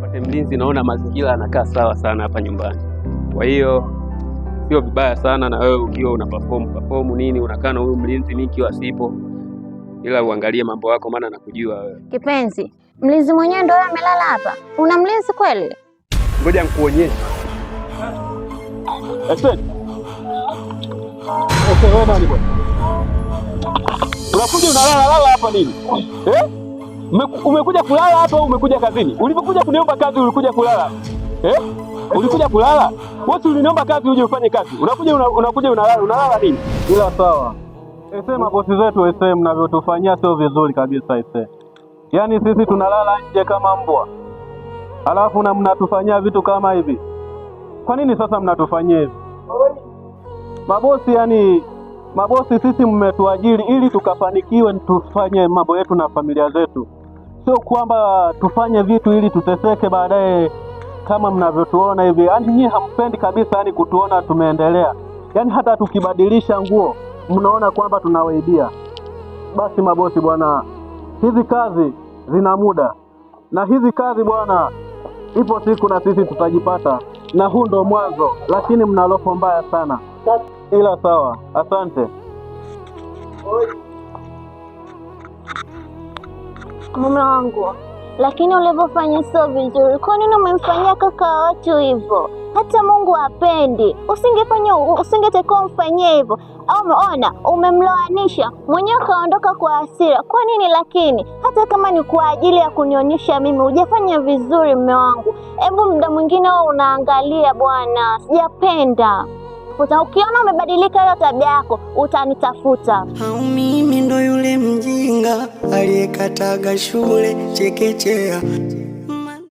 pate mlinzi, naona mazingira yanakaa sawa sana hapa nyumbani, kwa hiyo sio vibaya sana na wewe ukiwa una perform perform nini, unakaa na huyu mlinzi, mimi kiwa sipo, ila uangalie mambo yako, maana nakujua wewe kipenzi. Mlinzi mwenyewe ndio amelala hapa. Una mlinzi kweli? Ngoja nikuonyeshe. Unakuja unalala lala hapa nini eh? Umekuja kulala hapa au umekuja kazini? Ulipokuja kuniomba kazi ulikuja kulala eh? Ulikuja kulala wote, uliniomba kazi uje ufanye kazi, unakuja unakuja unalala, unalala nini? Ila sawa sema mabosi zetu sm mnavyotufanyia sio vizuri kabisa ise, Yaani sisi tunalala nje kama mbwa, alafu na mnatufanyia vitu kama hivi. Kwa nini sasa mnatufanyia hivi mabosi? Yani mabosi, sisi mmetuajiri ili tukafanikiwe, tufanye mambo yetu na familia zetu sio kwamba tufanye vitu ili tuteseke baadaye kama mnavyotuona hivi. Yaani nyinyi hampendi kabisa yani kutuona tumeendelea, yaani hata tukibadilisha nguo mnaona kwamba tunawaidia Basi mabosi bwana, hizi kazi zina muda na hizi kazi bwana, ipo siku na sisi tutajipata, na huu ndo mwanzo, lakini mna roho mbaya sana. Ila sawa, asante mume wangu, lakini ulivyofanya sio vizuri. Kwa nini umemfanyia kaka wa watu hivyo? Hata Mungu hapendi. Usingefanya, usingetakiwa umfanyie hivyo. Umeona, umemloanisha mwenyewe, kaondoka kwa hasira. Kwa nini? Lakini hata kama ni kwa ajili ya kunionyesha mimi hujafanya vizuri, mume wangu, hebu muda mwingine wewe unaangalia bwana, sijapenda kunitafuta. Ukiona umebadilika hiyo tabia yako utanitafuta. Au mimi ndo yule mjinga aliyekataga shule chekechea